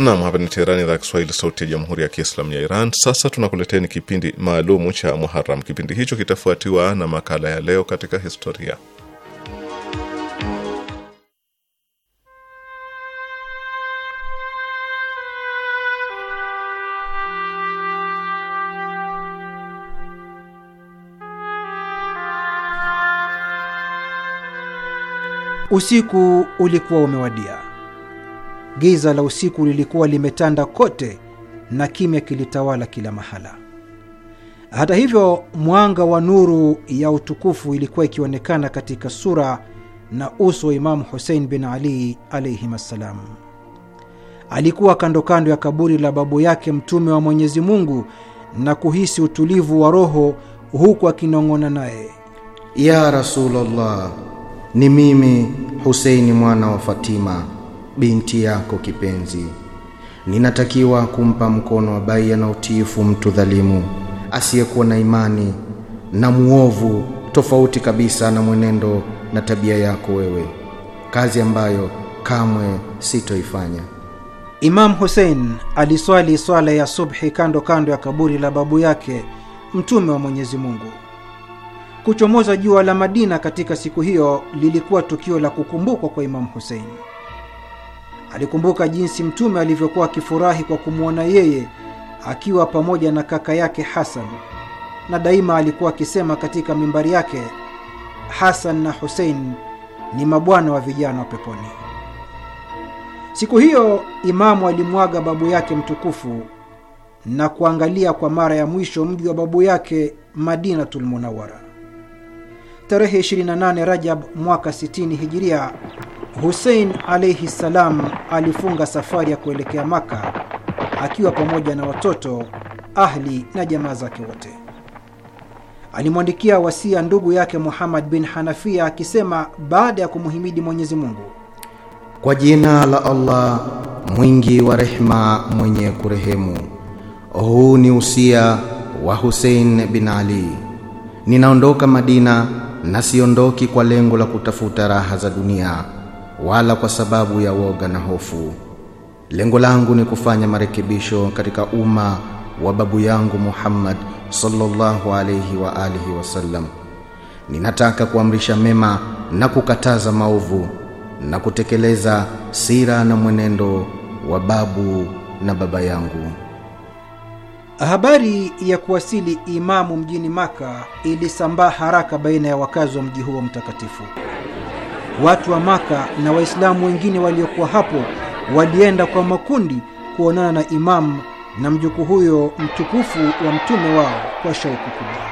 Nam, hapa ni Teherani, idhaa ya Kiswahili, sauti ya jamhuri ya kiislamu ya Iran. Sasa tunakuleteni kipindi maalumu cha Muharam. Kipindi hicho kitafuatiwa na makala ya leo katika historia. Usiku ulikuwa umewadia. Giza la usiku lilikuwa limetanda kote na kimya kilitawala kila mahala. Hata hivyo, mwanga wa nuru ya utukufu ilikuwa ikionekana katika sura na uso wa Imamu Husein bin Ali alaihim assalam. Alikuwa kando kando ya kaburi la babu yake Mtume wa Mwenyezi Mungu na kuhisi utulivu wa roho, huku akinong'ona naye, ya Rasulullah, ni mimi Huseini mwana wa Fatima binti yako kipenzi. Ninatakiwa kumpa mkono wa baia na utiifu mtu dhalimu asiyekuwa na imani na muovu, tofauti kabisa na mwenendo na tabia yako wewe, kazi ambayo kamwe sitoifanya. Imamu Hussein aliswali swala ya subhi kando kando ya kaburi la babu yake Mtume wa Mwenyezi Mungu. Kuchomoza jua la Madina katika siku hiyo lilikuwa tukio la kukumbukwa kwa Imamu Hussein. Alikumbuka jinsi Mtume alivyokuwa akifurahi kwa kumwona yeye akiwa pamoja na kaka yake Hasan, na daima alikuwa akisema katika mimbari yake, Hasan na Husein ni mabwana wa vijana wa peponi. Siku hiyo Imamu alimwaga babu yake mtukufu na kuangalia kwa mara ya mwisho mji wa babu yake Madinatul Munawara. Tarehe 28 Rajab mwaka 60 Hijiria Hussein alaihi ssalam alifunga safari ya kuelekea Maka akiwa pamoja na watoto, ahli na jamaa zake wote. Alimwandikia wasia ndugu yake Muhammad bin Hanafia akisema, baada ya kumhimidi Mwenyezi Mungu: kwa jina la Allah mwingi wa rehma mwenye kurehemu. Huu ni usia wa Hussein bin Ali. Ninaondoka Madina na siondoki kwa lengo la kutafuta raha za dunia wala kwa sababu ya woga na hofu. Lengo langu ni kufanya marekebisho katika umma wa babu yangu Muhammad sallallahu alayhi wa alihi wasallam. Ninataka kuamrisha mema na kukataza maovu na kutekeleza sira na mwenendo wa babu na baba yangu. Habari ya kuwasili Imamu mjini Maka ilisambaa haraka baina ya wakazi wa mji huo mtakatifu. Watu wa Maka na Waislamu wengine waliokuwa hapo walienda kwa makundi kuonana na imamu na mjukuu huyo mtukufu wa mtume wao kwa shauku kubwa.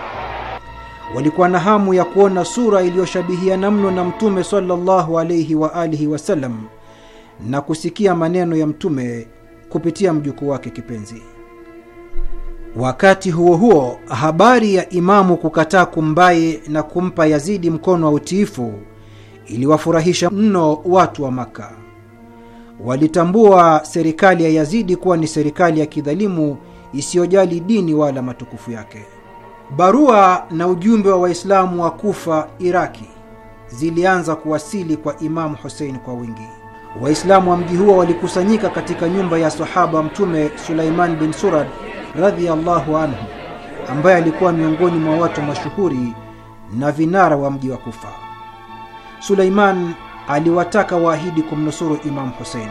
Walikuwa na hamu ya kuona sura iliyoshabihiana mno na mtume sallallahu alaihi wa alihi wasallam na kusikia maneno ya mtume kupitia mjukuu wake kipenzi. Wakati huo huo, habari ya imamu kukataa kumbai na kumpa Yazidi mkono wa utiifu iliwafurahisha mno watu wa Maka. Walitambua serikali ya Yazidi kuwa ni serikali ya kidhalimu isiyojali dini wala matukufu yake. Barua na ujumbe wa Waislamu wa Kufa, Iraki, zilianza kuwasili kwa Imamu Husein kwa wingi. Waislamu wa mji huo walikusanyika katika nyumba ya sahaba Mtume Sulaiman bin Surad radhiyallahu anhu, ambaye alikuwa miongoni mwa watu mashuhuri na vinara wa mji wa Kufa. Suleiman aliwataka waahidi kumnusuru Imamu Husein.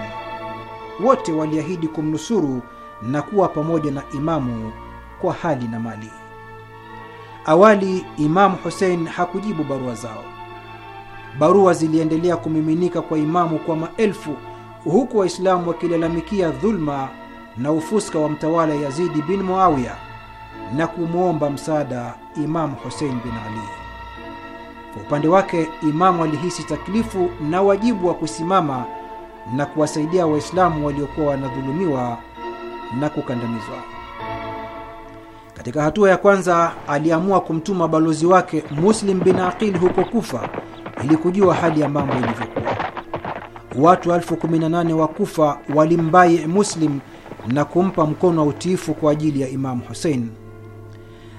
Wote waliahidi kumnusuru na kuwa pamoja na Imamu kwa hali na mali. Awali Imamu Husein hakujibu barua zao. Barua ziliendelea kumiminika kwa Imamu kwa maelfu, huku Waislamu wakilalamikia dhulma na ufuska wa mtawala Yazidi bin Muawiya na kumwomba msaada Imamu Husein bin Ali. Kwa upande wake, Imamu alihisi taklifu na wajibu wa kusimama na kuwasaidia Waislamu waliokuwa wanadhulumiwa na kukandamizwa. Katika hatua ya kwanza, aliamua kumtuma balozi wake Muslim bin Aqil huko Kufa ili kujua hali ya mambo ilivyokuwa. Watu elfu kumi na nane wa Kufa walimbai Muslim na kumpa mkono wa utiifu kwa ajili ya Imamu Husein.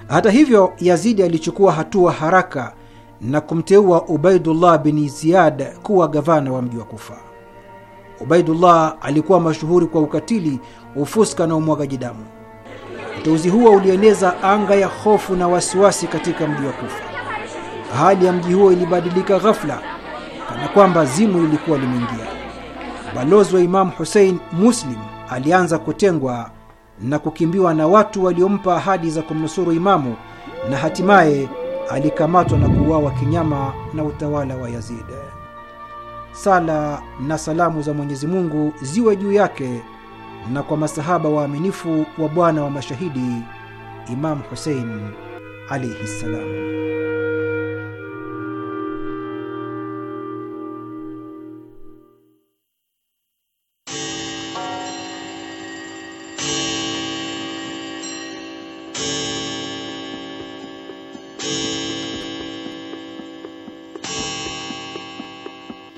Hata hivyo, Yazidi alichukua hatua haraka na kumteua Ubaidullah bin Ziyad kuwa gavana wa mji wa Kufa. Ubaidullah alikuwa mashuhuri kwa ukatili, ufuska na umwagaji damu. Uteuzi huo ulieneza anga ya hofu na wasiwasi katika mji wa Kufa. Hali ya mji huo ilibadilika ghafla, kana kwamba zimu lilikuwa limeingia. Balozi wa Imamu Husein Muslim alianza kutengwa na kukimbiwa na watu waliompa ahadi za kumnusuru Imamu na hatimaye alikamatwa na kuuawa kinyama na utawala wa Yazid. Sala na salamu za Mwenyezi Mungu ziwe juu yake na kwa masahaba waaminifu wa bwana wa mashahidi Imamu Husein alaihi ssalam.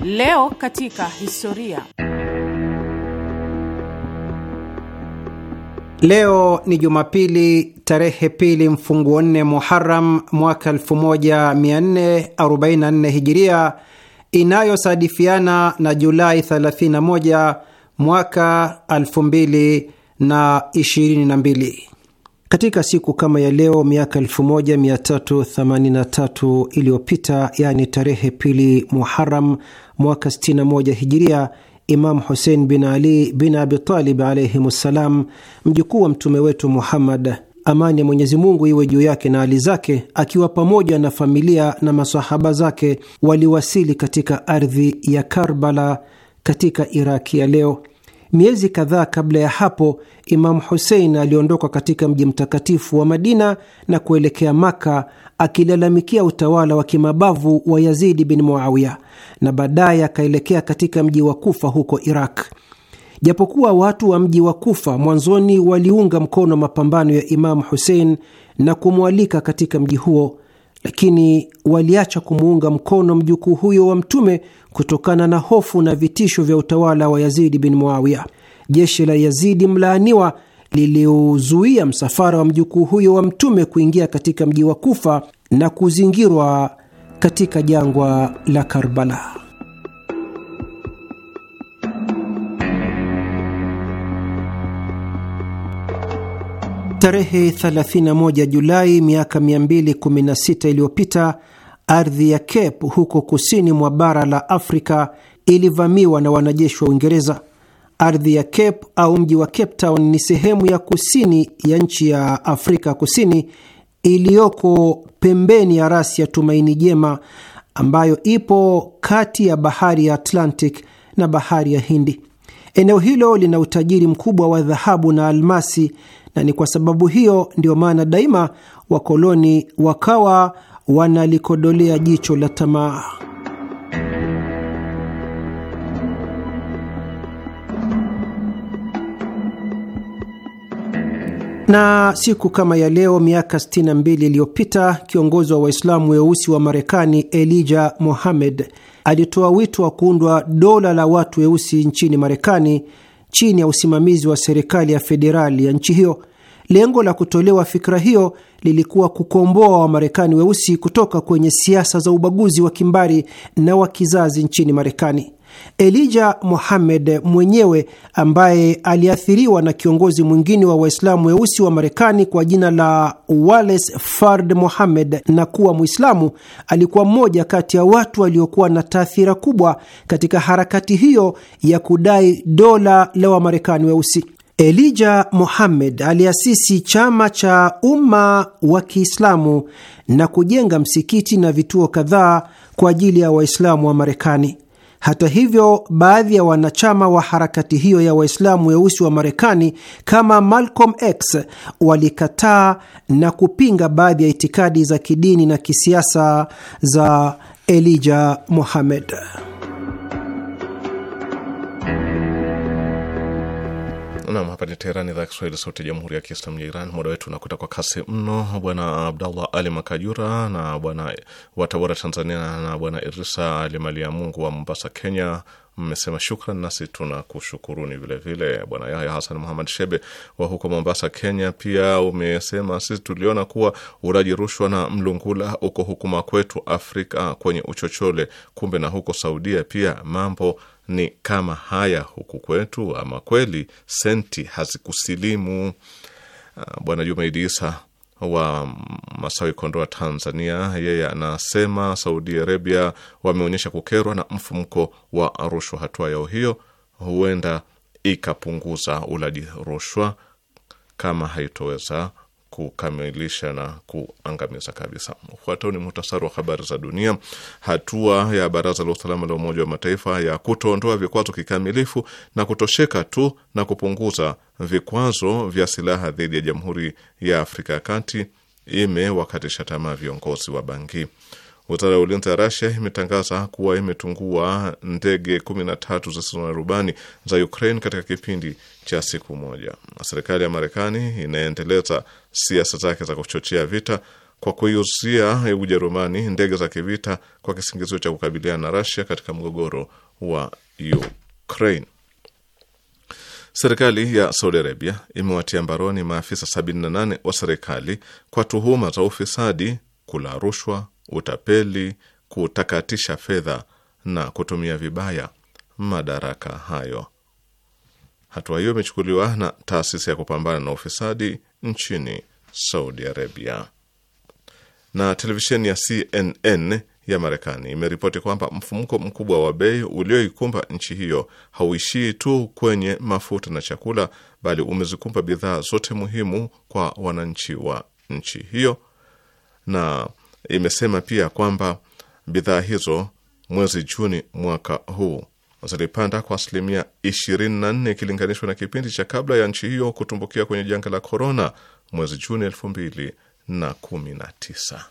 Leo katika historia. Leo ni Jumapili tarehe pili mfunguo nne Muharam mwaka 1444 Hijiria, inayosadifiana na Julai 31 mwaka 2022. Katika siku kama ya leo miaka 1383 iliyopita, yaani tarehe pili Muharam mwaka 61 hijiria, Imam Husein bin Ali bin Abitalib alaihim ssalam, mjukuu wa mtume wetu Muhammad, amani ya Mwenyezi Mungu iwe juu yake na hali zake, akiwa pamoja na familia na masahaba zake, waliwasili katika ardhi ya Karbala katika Iraki ya leo. Miezi kadhaa kabla ya hapo, Imamu Husein aliondoka katika mji mtakatifu wa Madina na kuelekea Maka akilalamikia utawala wa kimabavu wa Yazidi bin Muawiya, na baadaye akaelekea katika mji wa Kufa huko Iraq. Japokuwa watu wa mji wa Kufa mwanzoni waliunga mkono mapambano ya Imamu Husein na kumwalika katika mji huo lakini waliacha kumuunga mkono mjukuu huyo wa Mtume kutokana na hofu na vitisho vya utawala wa Yazidi bin Muawiya. Jeshi la Yazidi mlaaniwa liliozuia msafara wa mjukuu huyo wa Mtume kuingia katika mji wa Kufa na kuzingirwa katika jangwa la Karbala. Tarehe 31 Julai miaka 216 iliyopita, ardhi ya Cape huko kusini mwa bara la Afrika ilivamiwa na wanajeshi wa Uingereza. Ardhi ya Cape au mji wa Cape Town ni sehemu ya kusini ya nchi ya Afrika Kusini iliyoko pembeni ya rasi ya Tumaini Jema ambayo ipo kati ya bahari ya Atlantic na bahari ya Hindi. Eneo hilo lina utajiri mkubwa wa dhahabu na almasi na ni kwa sababu hiyo ndiyo maana daima wakoloni wakawa wanalikodolea jicho la tamaa. Na siku kama ya leo miaka 62 iliyopita kiongozi wa Waislamu weusi wa Marekani Elijah mohamed alitoa wito wa kuundwa dola la watu weusi nchini Marekani chini ya usimamizi wa serikali ya federali ya nchi hiyo. Lengo la kutolewa fikra hiyo lilikuwa kukomboa Wamarekani weusi kutoka kwenye siasa za ubaguzi wa kimbari na wa kizazi nchini Marekani. Elija Mohamed mwenyewe ambaye aliathiriwa na kiongozi mwingine wa Waislamu weusi wa Marekani kwa jina la Wallace Fard Mohamed na kuwa Mwislamu, alikuwa mmoja kati ya watu waliokuwa na taathira kubwa katika harakati hiyo ya kudai dola la Wamarekani weusi. Elija Mohamed aliasisi chama cha umma wa Kiislamu na kujenga msikiti na vituo kadhaa kwa ajili ya Waislamu wa Marekani. Hata hivyo, baadhi ya wanachama wa harakati hiyo ya Waislamu weusi wa Marekani kama Malcolm X walikataa na kupinga baadhi ya itikadi za kidini na kisiasa za Elijah Muhammad. Nam, hapa ni Teherani, idhaa ya Kiswahili, sauti ya jamhuri ya kiislamu ya Iran. Muda wetu unakwenda kwa kasi mno. Bwana Abdallah Ali Makajura na bwana wa Tabora, Tanzania, na bwana irisa Ali ya Mungu wa Mombasa, Kenya, mmesema shukran, nasi tuna kushukuruni vilevile. Bwana Yahya Hasan Muhamad Shebe wa huko Mombasa, Kenya, pia umesema sisi tuliona kuwa uraji rushwa na mlungula uko hukuma kwetu Afrika kwenye uchochole, kumbe na huko Saudia pia mambo ni kama haya huku kwetu, ama kweli senti hazikusilimu. Ah, Bwana Juma Idisa wa Masawi, Kondoa, Tanzania, yeye anasema Saudi Arabia wameonyesha kukerwa na mfumko wa rushwa. Hatua yao hiyo huenda ikapunguza ulaji rushwa kama haitoweza kukamilisha na kuangamiza kabisa. Ufuatao ni muhtasari wa habari za dunia. Hatua ya Baraza la Usalama la Umoja wa Mataifa ya kutoondoa vikwazo kikamilifu na kutosheka tu na kupunguza vikwazo vya silaha dhidi ya Jamhuri ya Afrika ya Kati imewakatisha tamaa viongozi wa Bangi. Wizara ya ulinzi ya Rasia imetangaza kuwa imetungua ndege 13 zisizo na rubani za Ukraine katika kipindi cha siku moja. Serikali ya Marekani inaendeleza siasa zake za kuchochea vita kwa kuiuzia Ujerumani ndege za kivita kwa kisingizio cha kukabiliana na Rasia katika mgogoro wa Ukraine. Serikali ya Saudi Arabia imewatia mbaroni maafisa 78 wa serikali kwa tuhuma za ufisadi, kula rushwa utapeli, kutakatisha fedha na kutumia vibaya madaraka hayo. Hatua hiyo imechukuliwa na taasisi ya kupambana na ufisadi nchini Saudi Arabia. Na televisheni ya CNN ya Marekani imeripoti kwamba mfumuko mkubwa wa bei ulioikumba nchi hiyo hauishii tu kwenye mafuta na chakula, bali umezikumba bidhaa zote muhimu kwa wananchi wa nchi hiyo na imesema pia kwamba bidhaa hizo mwezi Juni mwaka huu zilipanda kwa asilimia 24 ikilinganishwa na kipindi cha kabla ya nchi hiyo kutumbukia kwenye janga la korona mwezi Juni 2019.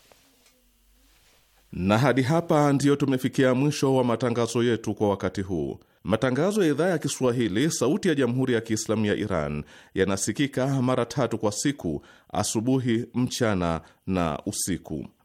Na hadi hapa ndiyo tumefikia mwisho wa matangazo yetu kwa wakati huu. Matangazo ya idhaa ya Kiswahili sauti ya jamhuri ya Kiislamu ya Iran yanasikika mara tatu kwa siku: asubuhi, mchana na usiku.